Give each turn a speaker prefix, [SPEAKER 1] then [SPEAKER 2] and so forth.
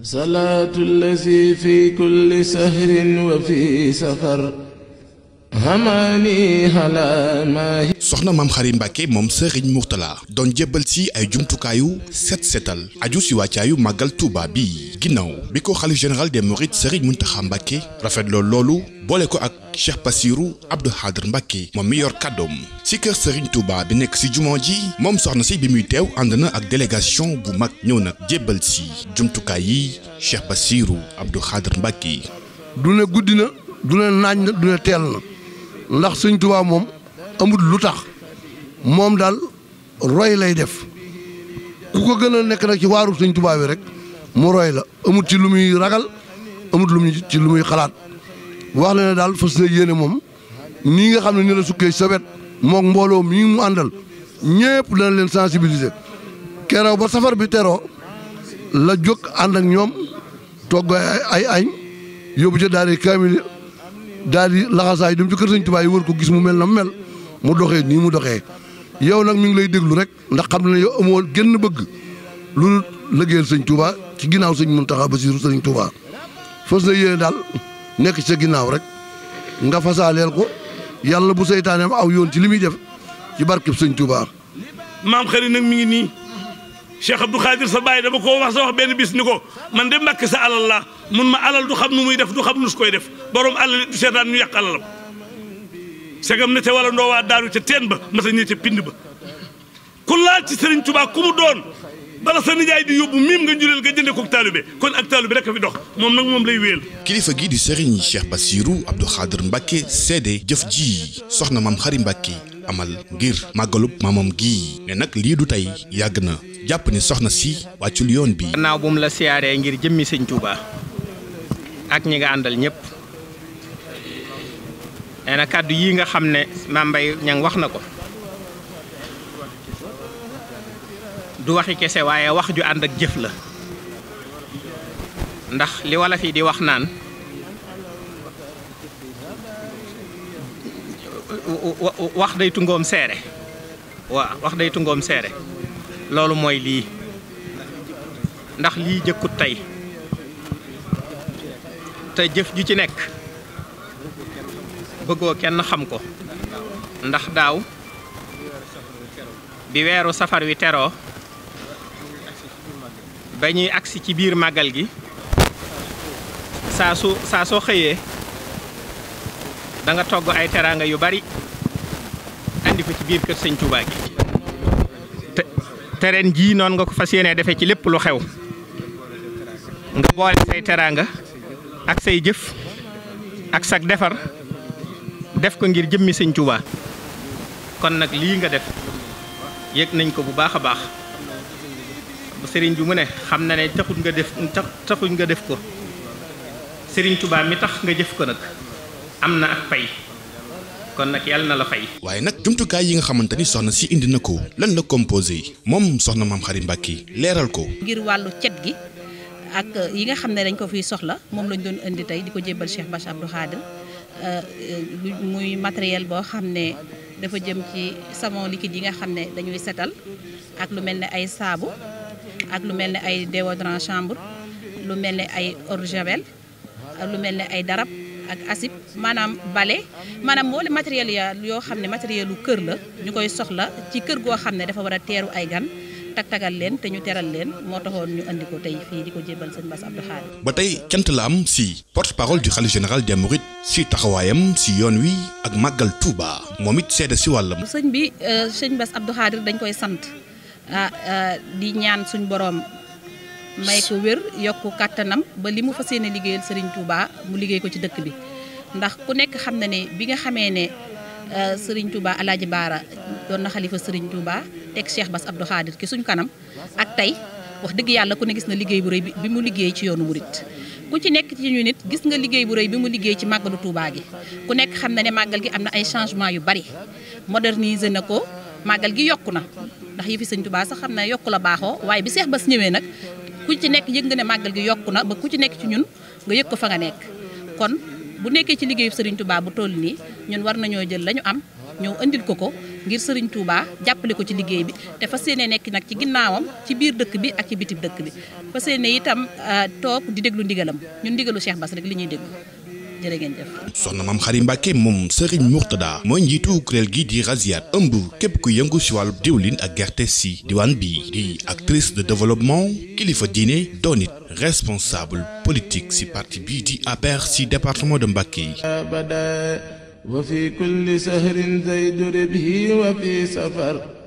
[SPEAKER 1] salaatu lazi fi kulli sahrin wa fi safar
[SPEAKER 2] soxna maam xari Mbàkke moom sëriñ Murtala doon jébbal si ay jumtukaayu set seetal aju si wàccaayu màggal Tuuba bi ginnaaw bi ko xalif général des mourides sëriñ Muntaxa Mbàkke rafetloo loolu boole ko ak Cheikh Bassirou Abdou Khadr Mbàkke moom mi yor kàddoom si kër sëriñ Touba bi nekk si jumo ji moom soxna si bi muy teew ànd na ak délégation bu mag ñëw nag jébbal si jumtukaay yi Cheikh Bassirou Abdou Khadr Mbàkke
[SPEAKER 1] du ne guddi na du ne naaj na du ne teel na ndax sëñ Tuubaa moom amul lu tax moom daal roy lay def ku ko gën a nekk nag ci waaru sëñ Tuubaa bi rek mu roy la amul ci lu muy ragal amul lu muy ci lu muy xalaat wax la ne daal fas na yéene moom nii nga xam ne ni la sukkee sawet mook mbooloo mii mu àndal ñëpp dana leen sensibiliser keroog ba safar bi teroo la jóg ànd ak ñoom togg ay añ yóbbu ca daari kaamil daal di laxasaay dem ci kër sëñ Tuubaa yi wër ko gis mu mel na mu mel mu doxee nii mu doxee yow nag mi ngi lay déglu rek ndax xam ne yow amoo génn bëgg lu lëggéeyal sëñ Tuubaa ci ginnaaw sëñ Muntaxa Basiiru sañ Tuubaa fas na yéene daal nekk ci sa ginnaaw rek nga fasaaleel ko yàlla bu seytaaneem aw yoon ci li muy def ci barkeb sëñ Tuubaa maam xëri nag mi ngi nii Cheikh Abdou Khadir sa baay dama ko wax sa wax benn bis ni ko man de Mbàkke sa alal la mun ma alal du xam nu muy def du xam nu su koy def borom alal du seetaan ñu yàq alalam segam ne te wala ndoo waa daaru ca teen ba mata ñi ca pind ba ku laal ci Serigne Touba ku mu doon bala sa nijaay di yóbbu miim nga njuleel nga jëndee ko taalibe kon ak taalibe rek a fi dox
[SPEAKER 2] moom nag moom lay wéel. kilifa gi di Serigne Cheikh Bassirou Abdou Khadr Mbacke seede jëf ji soxna maam xari Mbacke amal ngir màggalub maamam gi ne nag lii du tey yàgg na jàpp ne soxna si wàccul yoon bi.
[SPEAKER 3] gannaaw bu la siyaaree ngir jëmmi sëñ Touba. ak ñi nga àndal ñëpp nee kàddu yii nga xam ne Mame Mbaye wax na ko du waxi kese waaye wax ju ànd ak jëf la ndax li wala fii di wax naan wax day tungoom seere waaw wax day tungoom seere loolu mooy lii ndax lii jëkkut tey te jëf ju ci nekk bëggoo kenn xam ko ndax daaw bi weeru safar wi teroo ba ñuy agsi ci biir màggal gi saa su saa soo xëyee danga togg ay teraanga yu bari andi ko ci biir kër sëñ Touba gi te terrain jii noonu nga ko fas yéenee defee ci lépp lu xew nga boole say teraanga ak say jëf ak sag defar def ko ngir jëmmi sëñ Tuubaa kon nag lii nga def yëg nañ ko bu baax a baax sëriñ bi mu ne xam na ne taxut nga def taxuñ nga def ko sëriñ Tuubaa mi tax nga jëf ko nag am na ak pay kon nag yàlla na la fay.
[SPEAKER 2] waaye nag jumtukaay yi nga xamante ni soxna si indi na ko lan la composé moom soxna maam Xari Mbàkke leeral ko.
[SPEAKER 4] ngir wàllu cet gi. ak euh, yi nga xam ne dañ ko fiy soxla moom lañ doon indi tey di ko jébbal Cheikh Bass Abdou Khadre euh, euh, muy matériel boo xam ne dafa jëm ci savon liquide yi nga xam ne dañuy setal ak lu mel ne ay saabu ak lu mel ne ay déodorant chambre lu mel ne ay eau ak lu mel ne ay darab ak asib maanaam bale maanaam mboole matériel ya yoo xam ne matériel lu kër la ñu koy soxla ci kër goo xam ne dafa war a teeru ay gan tagtagal leen te ñu teral leen moo taxoon ñu andi ko tey fii di ko jébal sëñ Bass Abdou Khadre
[SPEAKER 2] ba tey cant la am si porte-parole du khalife général des mourides si taxawaayam si yoon wi ak màggal Touba moom it seede si wàllam
[SPEAKER 4] sëñ bi euh, sëñ Bass Abdou dañ koy sant ah, euh, di ñaan suñ boroom may ko wér yokk kàttanam ba li mu fas yéene liggéeyal sëriñ Touba mu liggéey ko ci dëkk bi ndax ku nekk xam na ne bi nga xamee ne euh, sëriñ Touba Alaaji Baara doon na xalifa Serigne Touba teg Cheikh Bass Abdou Khadir ki suñ kanam ak tey wax dëgg yàlla ku ne gis na liggéey bu rëy bi mu liggéey ci yoonu murit ku ci nekk ci ñu nit gis nga liggéey bu rëy bi mu liggéey ci màggalu Touba gi ku nekk xam na ne màggal gi am na ay changement yu bari moderniser na ko màggal gi yokku na ndax yëfi Sëñ Touba sax xam na yokku la baaxoo waaye bi Cheikh Bass ñëwee nag ku ci nekk yëg nga ne màggal gi yokku na ba ku ci nekk ci ñun nga yëg ko fa nga nekk kon bu nekkee ci liggéeyu Serigne Touba bu toll nii ñun war nañoo jël la am ñëw andil ko ko ngir Serigne Touba jàppale ko ci liggéey bi te fas yéene nekk nag ci ginnaawam ci biir dëkk bi ak ci bitim dëkk bi fas yéene itam euh, toog di déglu ndigalam ñun ndigalu Cheikh Bass li ñuy déglu
[SPEAKER 2] soxna maam Xari Mbàkke moom Serigne Mourtada mooy njiitu kuréel gi di Raziat ëmb képp ku yëngu si wàllu diwlin ak gerte si diwaan bi di actrice de développement kilifa diine doon it responsable politique si parti bii di APR si département de Mbacké
[SPEAKER 1] yi.
[SPEAKER 2] وفي كل سهر زيد ربه وفي سفر